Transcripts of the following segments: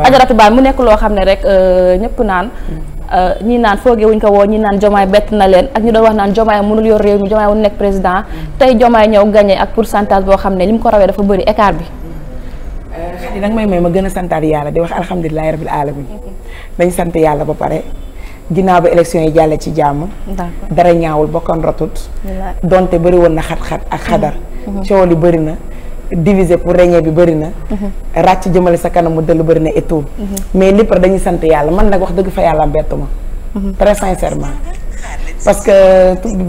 ajaratu baan mu nekk loo xam ne rek euh, ñëpp naan euh, ñi naan foogee wuñ ko woo ñi naan jomaay bett na leen ak ñu doon wax naan jomaay mënul yor réew mi jomaay wu nekk président tey jomaay ñëw gagné ak pourcentage boo xam ne li mu ko rawee dafa bëri écart bi xadi euh, nag may may ma gën a santaat yàlla di wax alhamdulilahi rabil alamin dañ sant yàlla ba pare ginnaaw bi élection yi jàlle ci jàmm dara ñaawul bokkan rotut donte bari woon na xat-xat ak xadar mm-hmm. coow li bëri na diviser pour régner bi bëri na. Mhm. ràcc jëmale sa kanamu dëll bëri na et tout. Mhm. mais lépp dañuy sant yàlla man nag wax dëgg fa yàlla bett ma. Mhm. très sincèrement. parce que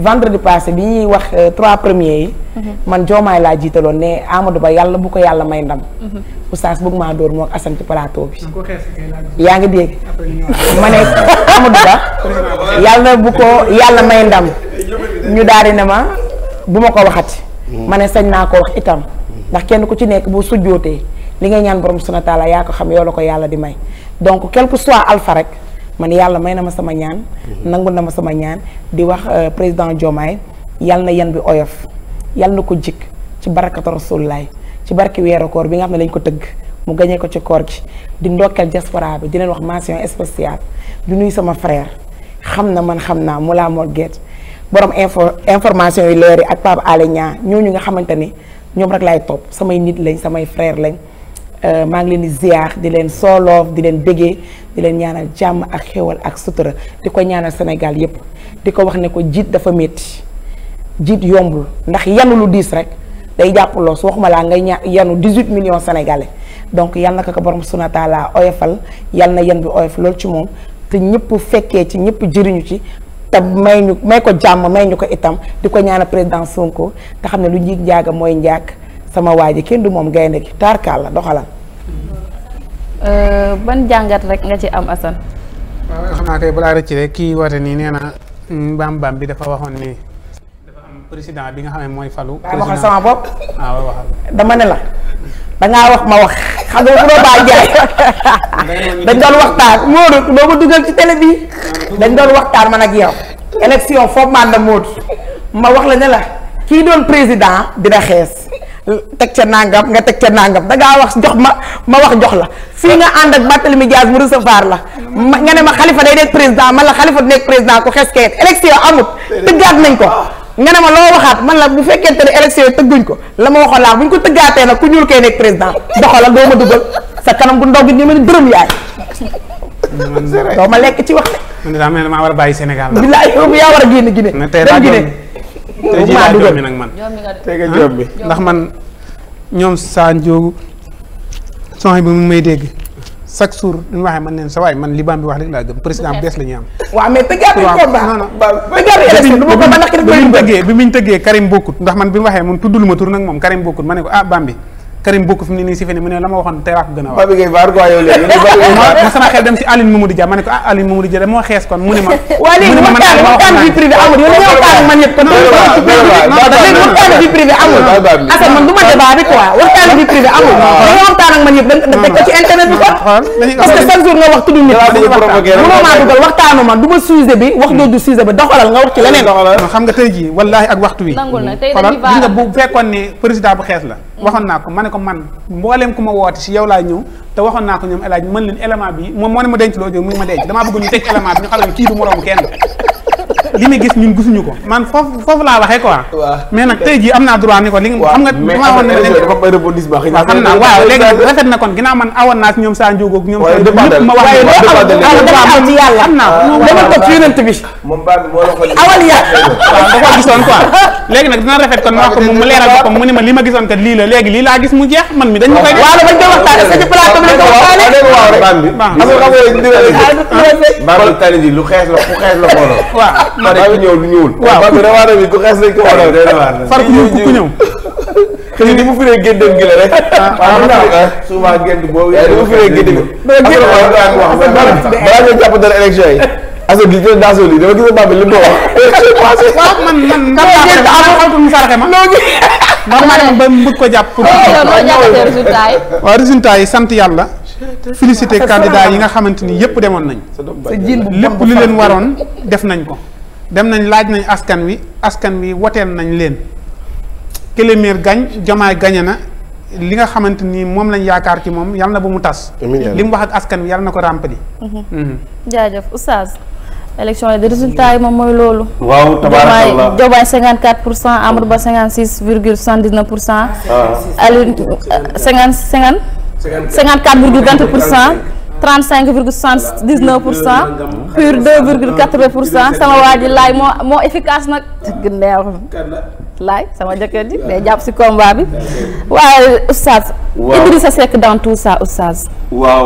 vendredi passé bi ñuy wax euh, trois premiers yi. man joomaay laa jiitaloon ne Amadou Ba yàlla bu ko yàlla may ndam. oustaz bëgg maa dóor moo ak Assane ci plateau bi. yaa ngi dégg. ma ne Amadou Ba yàlla bu ko yàlla may ndam. ñu daal di ne ma bu ma ko waxati. Mm. ma ne sañ naa ko wax itam. ndax kenn ku ci nekk boo sujjootee li ngay ñaan borom subhanahu wa taala yaa ko xam yoo la ko yàlla di may donc quel que soit alpha rek man yàlla may na ma sama ñaan. Mhm. nangu na ma sama ñaan di wax euh, président Diomaye yàlla na yan bi oyof yàlla na ko jik ci barakatu rasulilah ci barki weeru koor bi nga xam ne lañ ko tëgg mu gañee ko ci koor gi di ndokkeel diaspora bi di leen wax mention spéciale du nuy sama frère xam na man xam naa mu laa moo geet borom info information yu leer yi ak Pape Alé Niang ñooñu nga xamante ni ñoom rek laay topp samay nit lañ samay frère lañ euh, maa ngi leen di ziar di leen sooloof di leen déggee di leen ñaanal jàmm ak xéwal ak sutura di ko ñaanal senegal yépp di ko wax ne ko jiit dafa métti jiit yombul ndax yanu lu diis rek day jàpp loo su waxuma laa ngay ña yanu 18 million sénégalais donc yal na ko ko borom suna taala oyofal yal na yan bi oyof loolu ci moom te ñëpp fekkee ci ñëpp jëriñu ci te may ñu may ko jàmm may ñu ko itam di ko ñaana président Sonko te xam ne lu njiig njaaga mooy njaag sama waa ji kenn du moom gaynde gi taarkaal la doxalal. Euh, ban jàngat rek nga ci am Assane. waaw xam naa kay balaa rëcc rek kii woote nii nee na mbaam mbaam bi dafa waxoon ni. dafa am président bi nga xam ne mooy falu. président ah, waaw waxal bopp. dama ne la. dangaa wax ma wax xam nga dañ doon waxtaan Moodu doo ma ci télé bi dañ doon waxtaan man ak yow élection foofu maan da Moodu ma wax la ne la kii doon président dina xees teg ca nangam nga teg ca nangam dangaa wax jox ma ma wax jox la fii nga ànd ak Barthélemy Dias mu recevoir la nga ne ma xalifa day nekk président man la xalifa du nekk président ku xees kayit élection amut tëggaat nañ ko nga ne ma loo waxaat man la bu fekkente ne élection yi tëgguñ ko la ma wax laa bu ñu ko tëggaatee nag ku ñuul koy nekk président doxalal doo ma dugal sa kanam gu ndog gi ni ma ni dërëm yaay. doo ma lekk ci wax de. man de maa war a bàyyi Sénégal la. bilaay yow yaa war a génn Guinée. mais tey daa jommi tey jii daa jommi nag man tey nga jommi ndax man ñoom Sa Ndiogou son bi mu may dégg. chaque jour duñu waxee man neen sa man li baam bi wax rek laa gëm président bees la ñuy am waaw mais tëggaat ko ba non non bi muñ tëggee man bi mu waxee moom tuddul ma tur nag moom Karim bokkut ma ne ko ah baam Karim bokk fi mu ne nii si fene mu ne la ma waxoon tey laa gën a wax Mbaye Gueye Baar quoi yow léegi xel dem si Aline ne ko ah Aline Mamadou Dia dama xees kon mu ne ma waa léegi waxtaan waxtaan vie privée amul yow dañoo waxtaan man ñëpp da teg ko ci internet bi ah, nga wax tudd nit mënoo maa dugal waxtaanu ma du ma sujet bi wax doo du sujet doxalal nga wax ci leneen xam nga tey jii wallaahi ak waxtu wi xoolal nga bu fekkoon ne président bu xees la waxoon naa ko ma ne ko man mbooleem ku ma woote si yow laa ñëw te waxoon naa ko ñoom alaaj mën leen élément bi moom moo ne ma denc loo jël mu ma denc damaa bëgg ñu teg élément bi ñu xam ne kii du moroomu kenn li ma gis ñun gisuñu ko man foofu foofu laa waxee quoi. mais nag tey jii am naa droit ni ko li nga xam nga. mais am na réseau dafa am ay rebondissement. xam naa waaw léegi rafet na kon ginnaaw man awoon naa si ñoom saa njóog ak ñoom. waaye dépendre ma wax dama ci yàlla xam naa dama toog ci yonent bi. moom awal yàlla. waaw da koo gisoon quoi léegi nag dina rafet kon ma wax ko mu leeral boppam mu ne ma li ma gisoon kat lii la léegi lii laa gis mu jeex man mi dañ ma koy. waaw dafa jëm waxtaan ak ma ne ñëw lu ñuul. waaw parce que rawatina bi ku xees lañ ko war a far ku mu firee géndeem jàpp dara élection yi. aso gi jël daasoo lii dama gis baax li mu wax. mu ma. normal mu bëgg ko jàpp. pour waaw yi sant yàlla. félicité candidat yi nga xamante ni yépp demoon nañ lépp li leen waroon def nañ ko. dem nañ laaj nañ askan wi askan wi woteel nañ leen Kébémer gañ Jomaay gañe na li nga xamante ni moom lañ yaakaar ci moom yal na bu mu tas. li mu wax ak askan wi yal na ko ràmpali. Mhm. Mhm. jaajëf oustaz. élection yi de résultat yi moom mooy loolu. waaw tabaarakallah Diomaye 54 pour cent Amadou Ba 56 virgule 79 pour cent. Ah. Aliou 50 50. 54 virgule 20 pour cent. trente cinq virgule soixante dix neuf pour cent pur deux virgule quatre vingt pour cent sama waa ji laay moo moo efficace nag sama jëkkër di day jàpp si combat bi waaye oustaz Idrissa Seck dans tout ça oustaz waaw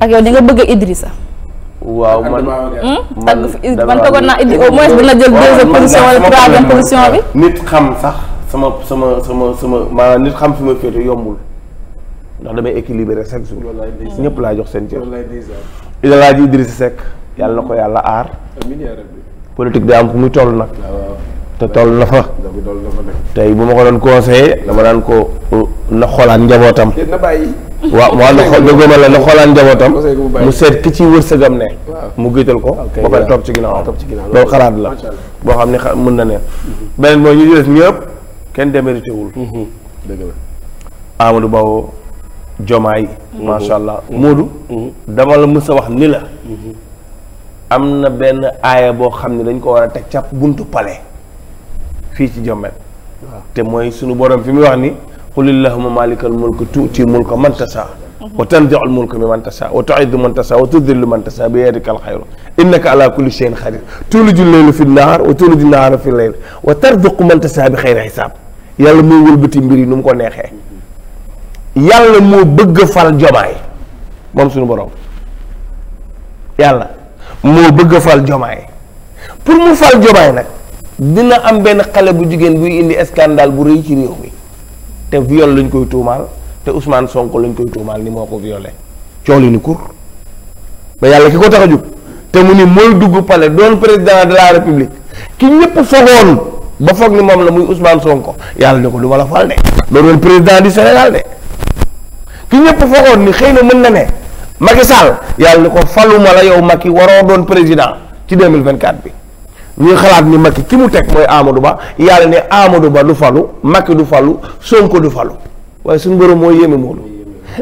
ak yow di nga bëgg Idrissa waaw man ak man tegoon naa Idrissa au moins dina jël deuxième position wala troisième position bi nit xam sax sama sama sama sama maanaam nit xam fi ma féete yombul ndax damay équilibré chaque jour. ñëpp laa jox seen cër. il a ji Idrissa Seck yàlla na ko yàlla aar. politique day am fu muy toll nag. Ah, te toll na fa. tey bu ma ko doon conseillé dama daan ko uh, na xoolaan njabootam. waaw waaw na xool dëgg la na xoolaan njabootam mu seet ki ci wërsëgam ne mu giital ko ba pare topp ci ginnaaw loolu xalaat la boo xam ne mën na ne mhm. beneen mooy ñu des ñëpp kenn démérité wul mhm. dëgg la jomaay mhm. macha allah Moodu mhm. mhm. dama la mës wax ni la am na benn aaya boo xam ne dañ ko war a teg ca buntu pale fii ci jomet te mooy sunu borom fi muy wax ni qul illahuma malikal mulk tuuti mulka man tasa wa tanziul mulka mi man tasa wa tuizzu man tasa ka tudillu man tasa bi yadikal xayru innaka ala kulli shay'in xadir tuliju leylu fi nahaar wa tuliju nahaara fi leyl wa tarzuqu man tasa bi xayri xisaab yàlla muy wëlbati mbir yi nu mu ko neexee yàlla moo bëgg fal jomaay moom suñu borom yàlla moo bëgg fal jomaay pour mu fal jomaay nag dina am benn xale bu jigéen buy indi scandale bu rëy ci réew mi te viol lañ koy tuumaal te Ousmane Sonko lañ koy tuumaal ni moo ko violé coow kur ba yàlla ki ko tax a jóg te mu ni mooy dugg palais doon président de la république ki ñëpp fogoon ba foog ni moom la muy Ousmane Sonko yàlla ne ko du la fal de doon président du Sénégal de ki ñëpp foogoon ni xëy na mën na ne Macky Sall yàlla ni ko faluma la yow Macky waroo doon président ci 2024 bi ñuy xalaat ni Macky ki mu teg mooy Ba yàlla ne Amadou Ba du falu Macky du falu Sonko du waaye suñu borom mooy yéeme moolu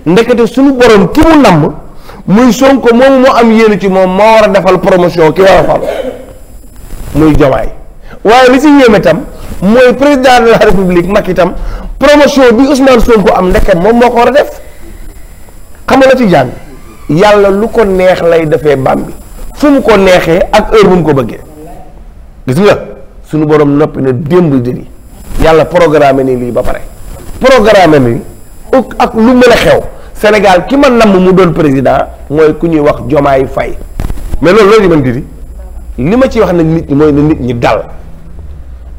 ndekete suñu borom ki mu namm muy Sonko moomu moo am yéene ci moom moo war a defal promotion ki war a falu muy Diomaye waaye li ci yéeme tam mooy président de la république Macky tam promotion bi Ousmane ko am ndeket moom moo ko war a def la ci jàng yàlla lu ko neex lay defee bam fu mu ko neexee ak heure bu mu ko bëggee gis nga suñu borom noppi na démb jëli yàlla programme ni lii ba pare programme ni ak lu mën xew Sénégal ki ma namm mu doon président mooy ku ñuy wax Jomaay Fay mais loolu loolu di mën diri li ma ci wax nag nit ñi mooy na nit ñi dal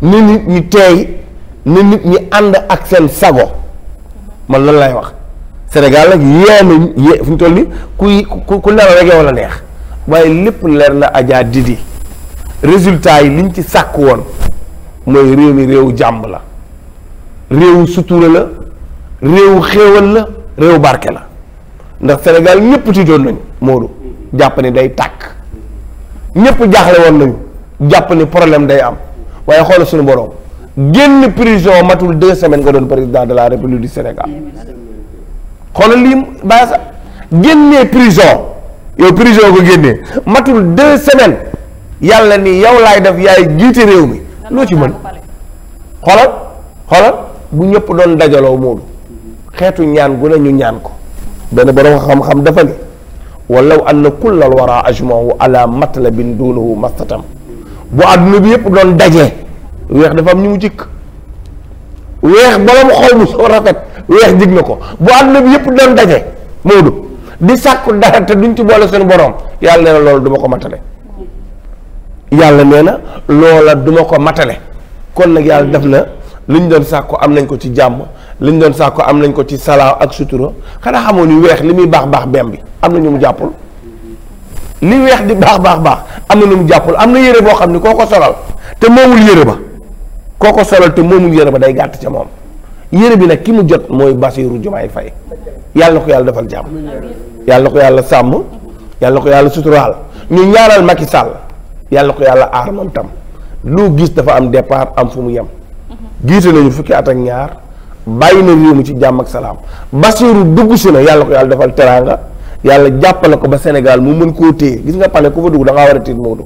na nit ñi teey na nit ñi ànd ak seen sago man loolu lay wax Sénégal nag yee nañ yee fu ñu toll nii ku ku leeral rek yow la neex waaye lépp leer na Adja di résultat yi liñ ci sàkk woon mooy réew mi réewu jàmm la réewu sutura la réewu xéewal la réewu barke la ndax Sénégal ñëpp tiitoon nañu Modou jàpp ni day tàkk ñëpp jaaxle woon nañu jàpp ni problème day am waaye xoolal suñu borom génn prison matul deux semaines nga doon président de la république du Sénégal. xoolal lii baa sax génnee prison yow prison ko génnee matul deux semaines yàlla ni yow laay def yaay jiite réew mi loo ci mën xoolal xoolal bu ñëpp doon dajaloo moodu xeetu ñaan gu ne ñu ñaan ko benn borom xam-xam dafa ni walaw anna kullal wara ajmahu ala matlabin duunahu mastatam bu àdduna bi yëpp doon dajee weex dafa am ñu mu jikk weex borom xol bu soo rafet weex jig na ko bu àdduna bi yëpp doon daje Moodu di sàkku dara te duñ ci boole seen borom yàlla nee na loolu duma ko matale yàlla nee na loola duma ko matale kon nag yàlla def na li ñu doon sàkku am nañ ko ci jàmm li ñu doon am nañ ko ci salaaw ak sutura xanaa xamoo ni weex li muy baax baax bem bi am na ñu mu jàppul li weex di baax baax baax am na ñu mu jàppul am na yére boo xam ni koo ko solal te moomul yére ba koo ko solal te moomul yére ba day gàtt ca moom yére bi nag ki mu jot mooy Bassirou Diomaye fay yàlla ko yàlla defal jàmm yàlla ko yàlla sàmm yàlla ko yàlla suturaal ñu ñaanal Macky Sall yàlla ko yàlla aar moom tam lu gis dafa am départ am fu mu yem giite nañu fukki at ak ñaar bàyyi na réew mi ci jàmm ak salaam Bassirou dugg si na yàlla ko yàlla defal teraanga yàlla jàppale ko ba Sénégal mu mën koo téye gis nga pale ku fa dugg da ngaa war a tiit Moodu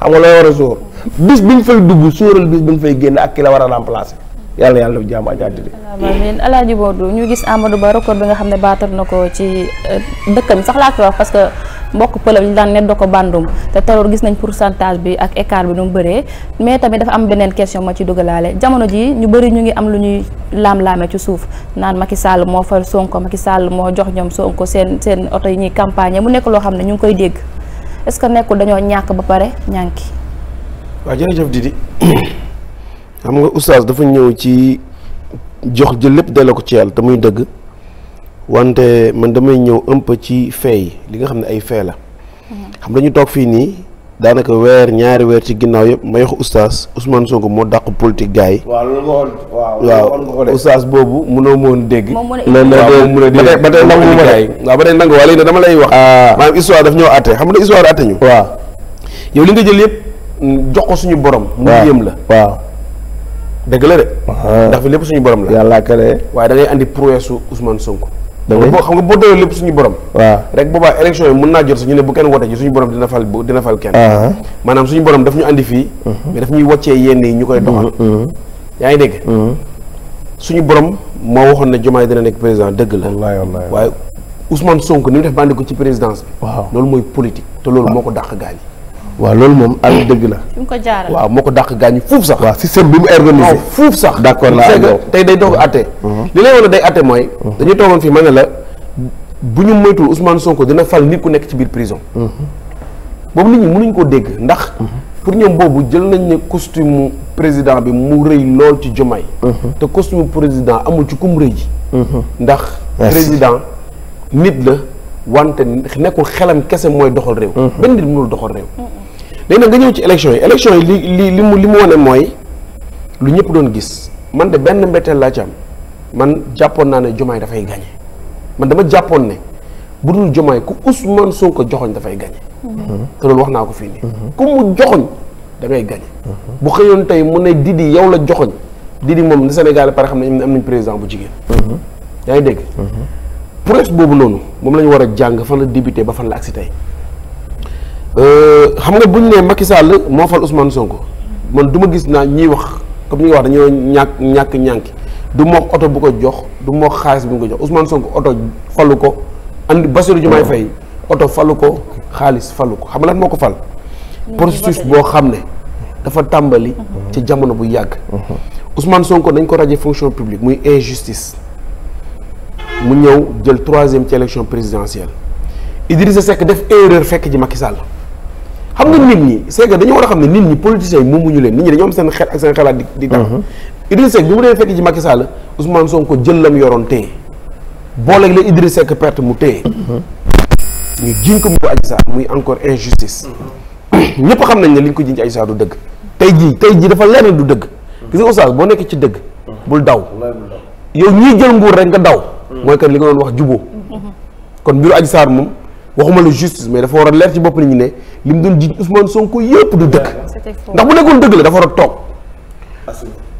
xam nga loo war a sóor bis bi ñu fay dugg sóoral bis bi ñu fay génn ak ki la war a remplacer. yàlla yàlla jàmm ak àddina. amiin Alaaji Modou ñu gis Amadou Ba record bi nga xam ne baatal na ko ci euh, dëkkam sax laa koy wax parce que mbokk pëlëm ñu daan ne do ko bandum te teroor gis nañ pourcentage bi ak écart bi nu mu bëree mais tamit dafa am beneen question ma ci dugalaale jamono ji ñu bëri ñu ngi am lu ñuy laam-laame ci suuf naan Macky Sall moo fal Sonko Macky Sall moo jox ñoom Sonko seen seen oto yi ñuy campagne mu nekk loo xam ne ñu ngi koy dégg est-ce que nekkul dañoo ñàkk ba pare ñànki waaw xam nga oustaz dafa ñëw ci jox jël lépp delloo ko ci yàlla te muy dëgg wante man damay ñëw un ci fay li nga xam ne ay fay la. Mm-hmm. xam dañu toog fii nii daanaka weer ñaari weer ci ginnaaw yëpp may wax oustaz Ousmane Sonko moo dàq politique gars yi. waaw loolu waaw oustaz boobu mënoo mën dégg. moom a dégg ba tey nangu ma lay waaw dama lay wax. Ah. maanaam histoire daf ñëw àtte xam nga histoire àtte ñu. waaw yow li nga jël yëpp jox ko suñu borom. mu yëm la waaw. dëgg la de. Ah. ndax fi lépp suñu borom la. yàlla kale. waaye da ngay andi prouesse Ousmane Sonko. dëgg boo xam nga boo doyoo lépp suñu borom. waaw rek boobaa élection yi mun naa jot ñu ne bu kenn wote ji suñu borom dina fal dina fal kenn. Ah. maanaam suñu borom daf ñu andi fii. Mhm. mais daf ñuy wàccee yenn yi ñu koy doxal. Mhm. Mhm. yaa ngi dégg. suñu borom moo waxoon ne Diomaye dina nekk président dëgg la. wallaay wallaay waaye Ousmane Sonko ni mu def bandi ko ci présidence bi. waaw loolu mooy politique te loolu moo ko dàq gaañ. waaw loolu moom am eh, dëgg la. fi mu ko jaaral waaw moo ko dàq gaañu fuuf sax. waaw système bi mu organisé waaw fuuf sax. d'accord naa ak yow tey day doog atte mm-hmm. li lay wala day atte mooy. Mm-hmm. dañu toogoon fii ma ne la bu ñu moytuwul Ousmane Sonko dina fal nit ku nekk ci biir prison. Mm-hmm. boobu nit ñi mënuñ koo dégg ndax. pour ñoom boobu jël nañ ne costume président bi mu rëy lool ci Diomaye. te costume président amul ci kum rëy. ndax président nit la wante nekkul xelam kese mooy doxal réew. benn nit mënul doxal léegi nag nga ñëw ci élection yi élection yi li li mu li mu wane mooy lu ñëpp doon gis man de benn mbetteel laa ci man jàppoon naa ne Diomaye dafay gagné man dama jàppoon ne bu dul Diomaye ku soo ko joxoñ dafay gagné. Mhm. te loolu wax naa ko fii nii. Mhm. ku mu joxoñ da ngay gagné. Mhm. bu xëyoon tey mu ne Didi yow la joxoñ Didi moom ne Sénégal par xam ne am nañ président bu jigéen. yaa ngi dégg. presse boobu noonu moom lañu war a jàng fan la débuté ba fan la agsi tey euh, xam nga bu ñu nee Macky Sall moo fal Ousmane Sonko man du ma gis naa ñuy wax comme ñi nga wax dañoo ñàkk ñàkk ñànki du moo oto bu ko jox du moo xaalis bu ko jox Ousmane Sonko oto falu ko andi Bassirou Diomaye fay oto falu ko xaalis falu ko xam lan moo ko fal. processus boo xam ne dafa tàmbali. ci jamono bu yàgg. Ousmane Sonko dañ ko rajee fonction publique muy injustice mu ñëw jël troisième ci élection présidentielle Idrissa Seck def erreur fekk ji Macky Sall. xam nga nit ñi c'est que dañu war a xam ne nit ñi politiciens yi ñu leen nit ñi dañoo am seen xel ak seen xalaat di di tax mhm. Idriss Seck bi mu demee fekk ci Macky Sall la Idriss Seck perte mu téye mhm. ñu jiñ ko mu muy encore injustice mhm. ñëpp xam nañ ne li ñu ko jiñ ci Adji du dëgg tey jii tey jii dafa leer na du dëgg gis nga oustaz boo nekk ci dëgg bul daw yow ñii jël nguur rek nga daw mooy kan li nga doon wax juboo kon mbiru Adji Sarr moom waxuma la justice mais dafa war a leer ci bopp nit ñi ne li mu doon jiiñ Ousmane Sonko du dëkk ndax bu nekkoon dëgg la dafa war a toog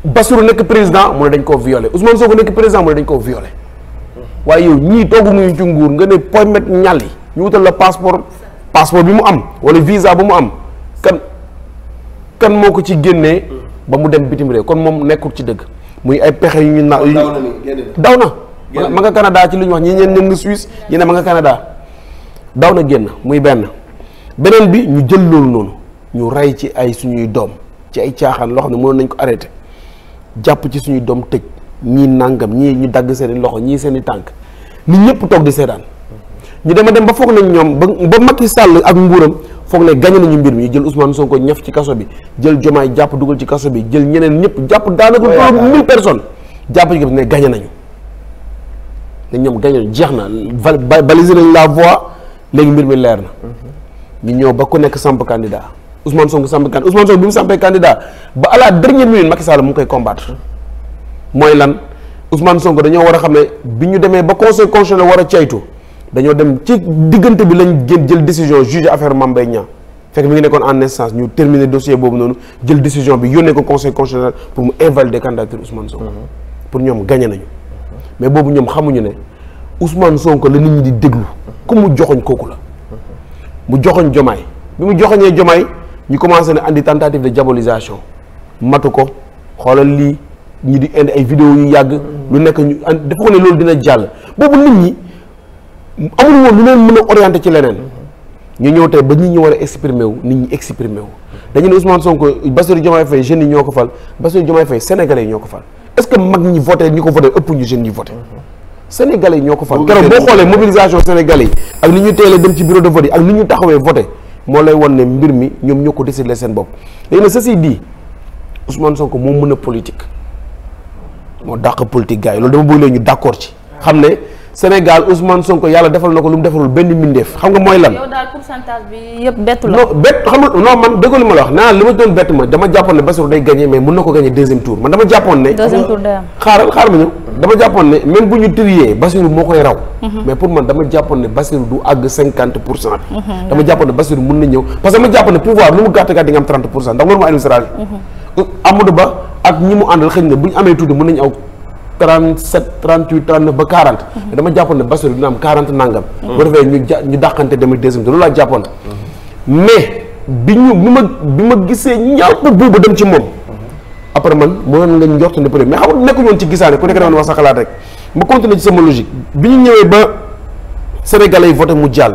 Bassirou nekk président mu ne dañ koo violé Ousmane Sonko nekk président mu ne dañ koo violé waaye yow ñii toogu muy ci nguur nga ne pomet ñàlli ñu wutal la passeport passeport bi mu am wala visa ba mu am kan kan moo ko ci génnee ba mu dem bitim réew kon moom nekkul ci dëgg muy ay pexe yu ñu na daw na ma nga Canada ci lu ñu wax ñi ñeen ñoom nga Suisse ma nga Canada daw na génn muy benn beneen bi ñu jël loolu noonu ñu rey ci ay suñuy doom ci ay caaxaan loo xam ne mënoon nañ ko arrêté jàpp ci suñuy doom tëj ñii nangam ñii ñu dagg seeni loxo ñii seeni tànk nit ñëpp toog di seetaan ñu dema dem ba foog nañ ñoom ba ba Macky sàll ak nguuram foog ne gañe nañu mbir mi ñu jël soo ko ñëf ci kaso bi jël Jomaay jàpp dugal ci kaso bi jël ñeneen ñëpp jàpp daanaka oh, loolu mille personnes jàpp ci ne gañe nañu ne ñoom gañe jeex na balisé nañ la voie léegi mbir mi leer na. ñu ñëw ba ku nekk samp candidat Ousmane Sonko samp candidat Ousmane Sonko bi mu sampee candidat ba à la dernière minute Macky mu ngi koy combattre mooy lan Ousmane Sonko dañoo war a xam ne bi ñu demee ba conseil constitutionnel war a caytu dañoo dem ci diggante bi lañ gën jël décision juge affaire Mame Mbaye Niang fekk mi ngi nekkoon en instance ñu terminer dossier boobu noonu jël décision bi yónnee ko conseil constitutionnel pour mu invalider candidature Ousmane Sonko. Mhm. pour ñoom gagné nañu. mais boobu ñoom xamuñu ne Ousmane Sonko la nit ñi di déglu. comme mu joxoñ kooku la mu joxoñ jomaay bi mu joxoñee jomaay ñu commencé na indi tentative de diabolisation matu ko xoolal lii ñi di indi ay vidéo yu yàgg lu nekk ñu dafa ko ne loolu dina jàll boobu nit ñi amul woon lu leen mën a orienté ci leneen ñu ñëw tey ba nit ñi war a exprimer wu nit ñi exprimer wu dañu ne Ousmane Sonko Bassirou Diomaye Faye jeunes yi ñoo ko fal Bassirou Diomaye Faye sénégalais ñoo ko fal est mag ñi voté ñi ko voté ëpp ñu jeunes yi voté sénégalais yi ñoo ko fal keroog boo xoolee mobilisation sénégalais yi ak ni ñu teelee dem ci bureau de vote yi ak ni ñu taxawee voté moo lay won ne mbir mi ñoom ñoo ko décidé seen bopp léegi nag ceci dit Ousmane Sonko moo mën a politique moo dàq politique gars yi loolu dama bëgg leen ñu d'accord ci xam ne Sénégal Ousmane Sonko yàlla defal na ko lu mu defalul benn mbindeef xam nga mooy lan. yow daal pourcentage bi yëpp bettu la. non bett xam nga non man ma la wax naan li ma doon bett ma dama ko gagné deuxième tour man dama jàppoon ne. deuxième tour moo koy raw. Mhm. pour man dama jàppoon ne Bassirou du àgg cinquante pour cent mhm. mhm. Amadou Ba ak ñi mu àndal xëy na bu ñu amee tuuti mën nañu aw 37 38 39 ba 40. Mhm. dama jàppoon ne Bassirou dina am 40 nangam. Mhm. bu defee ñu ja ñu dàqante demul deuxième tour loolu laa mhm. mais bi ñu bi ma bi ma gisee ñaata buuba ci moom. après man mënoon nga njort ne peut mais xam nga ci gisaane ku nekk da nga rek ma continuer ci sama logique bi ñu ñëwee ba Sénégalais yi mu jàll.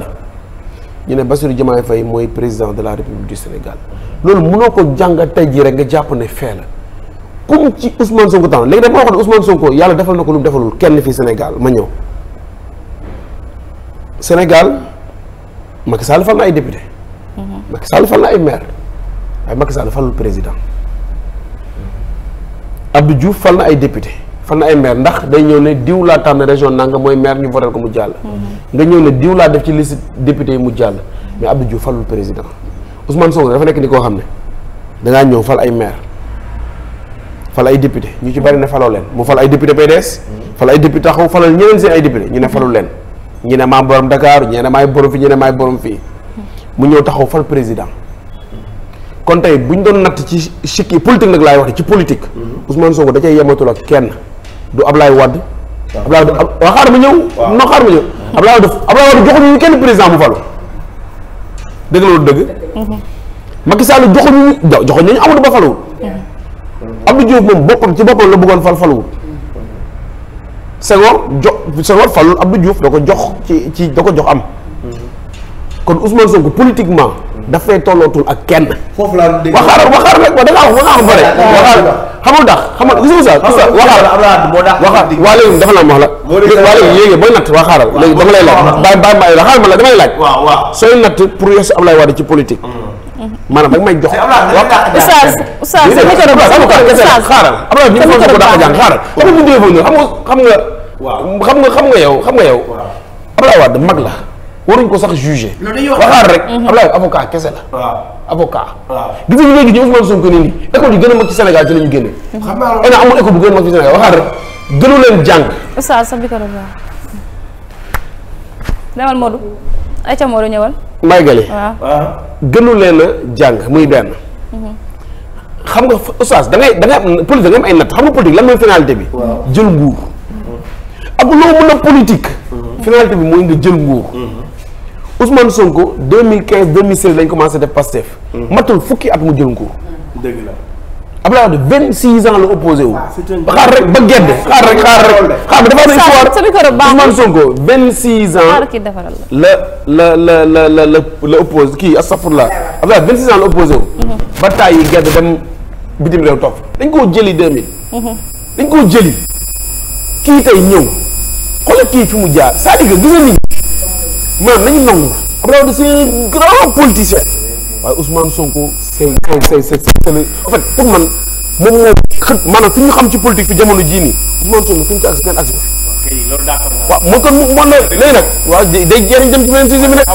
ñu ne Bassirou Diomaye Faye mooy président de la République du loolu mënoo ko jàngat tey jii rek nga jàpp ne fee la. kum ci Ousmane Sonko tam léegi dama waxoon Ousmane Sonko yàlla defal na ko lu mu defalul kenn fii Sénégal ma ñëw Sénégal Macky fal na ay député. Mhm. Macky Sall fal na ay mair waaye Macky Sall falul président Abdou Diouf fal ay député fal na ay maire ndax day ñëw ne diw laa tànn région nanga mooy maire ñu voté ko mu jàll. Mhm. nga ñëw ne diw laa def ci liste député yi mu jàll mais Abdou Diouf falul président Ousmane Sonko dafa nekk ni koo xam ne dangaa ñëw fal ay mair fal ay député ñu ci bari ne faloo leen mu fal ay député PDS fal ay député taxaw falal ñeneen seen ay député ñu ne falul leen ñu ne maa borom Dakar ñu ne maay borom fii ñu ne mu ñëw taxaw fal président kon tey bu ñu doon natt ci sikki politique nag laay wax ci politique mhm. Ousmane Sonko da cay yematul ak kenn du Ablaye Wade Ablaye Wade waaw xaar ma ñëw non xaar ma ñëw mhm. Ablaye Wade Ablaye Wade joxuñu ñu kenn président bu falu dëgg loolu dëgg Macky Sall Abdou Diouf moom boppam ci boppam la bëggoon fal faluwul Senghor jo Senghor falul Abdou Diouf da ko jox ci ci da ko jox am kon Ousmane Sonko politiquement dafay tollootul ak kenn. foofu laa dégg waxaar waxaar rek wax da ngaa wax da ngaa wax bëre. xamul dax xamul gis nga sax. waxaar waxaar waa léegi wax la. waa léegi yéegee booy natt waxaaral. léegi dama lay laaj. bàyyi bàyyi ma la xaaral ma la dama lay laaj. waaw ci politique. Mm. maanaam da nga may jox. oustaz oustaz sa micro bi sa micro bi xaaral. Abdoulaye ñu ko dàq jàng xaaral. xam nga xam nga. waaw xam nga xam nga yow xam nga yow. Abdoulaye Wade mag la waruñ ko sax juger. waxaar rek. Mhm. Abdoulaye avocat kese la. waaw avocat. waaw gis nga léegi ñu Ousmane Sonko nii école yi gën a mag ci Sénégal ci la ñu génne. xam naa loolu amul école bu gën a mag ci Sénégal waxaar rek gënu leen jàng. oustaz sa micro bi waaw. demal ay ayca Modou ñëwal. may gale waaw ah. gënu leen a jàng muy benn. xam nga oustaz da ngay da ngay am politique da am ay natt xam nga politique lan mooy finalité bi. jël nguur. ak loo mën a politique. Mm-hmm. finalité bi mooy nga jël nguur. Mm-hmm. Ousmane Sonko 2015 2016 lañ commencé def Pastef. Mm-hmm. matul fukki at mu jël nguur. dëgg Abdoulaye Wade vingt six ans la opposé wu. Ah, xaar rek ba gedd xaar rek xaar de xaar dafa am histoire Ousmane Sonko vingt six ans la la la la la la la oppose kii astafurlah Abdoulaye vingt six ans la opposé wu. Mhm. ba taay yi gedd dem bitim réew topp dañ koo jëli deux mille. Mhm. dañ koo jëli kii tey ñëw xoolal kii fi mu jaar c'est-à-dire que gis nga nit ñi maanaam grand politicien. waaye Ousmane Sonko c'est c'est c'est le en fait pour man moom moo xët maanaam fi ñu xam ci politique fi jamono jii nii Ousmane Sonko fi ñu ko agsi kenn agsi ko fi waaw moo kon moom la léegi nag waaw day jëriñ jëm ci beneen sujet bi nag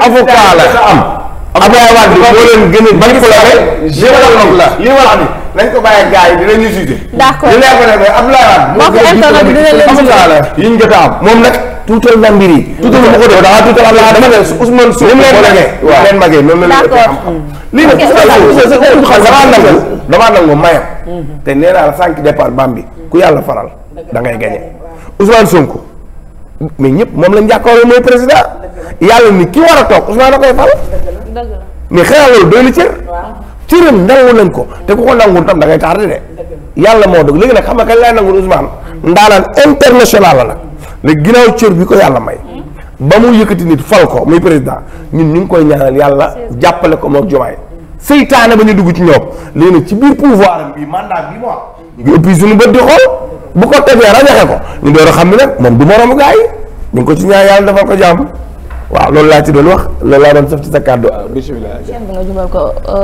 avocat la am Abdoulaye Wade moo leen gën a manipulé général la li wax ni nañ ko bàyyi gars yi dinañu jugé d'accord li leer ko ne Abdoulaye Wade moo gën a avocat la yi ñu jot a am moom nag tuutal na mbir yi. tuutal na ko da tuutal am dama ne Ousmane hmm. yàlla faral da ngay gagné Ousmane Sonko ñëpp moom lañ jàkkaarloo mooy président yàlla ni ki war a toog Ousmane da koy fal. mais xëy na loolu doy na cër. cëram nangu nañ ko te ku ko nangu tam da ngay tardé de. yàlla moo dëgg léegi nag xam nga kañ laay nangu Ousmane. Hmm. ndaanaan international la nag. léegi ginnaaw cër bi ko yàlla may ba mu yëkkati nit fal ko muy président ñun ñu ngi koy ñaanal yàlla jàppale ko moom Diomaye seytaane ba ñu dugg ci ñoom léegi nag ci biir pouvoir bi mandat bi mu am ñu ngi ëppi suñu bët di xool bu ko tegee rajaxe ko ñu door a xam ne nag moom du moromu gars ñu ngi ko ci ñaan yàlla defal ko jàmm waaw loolu laa ci doon wax loolu laa doon saf ci sa kàddu bismillah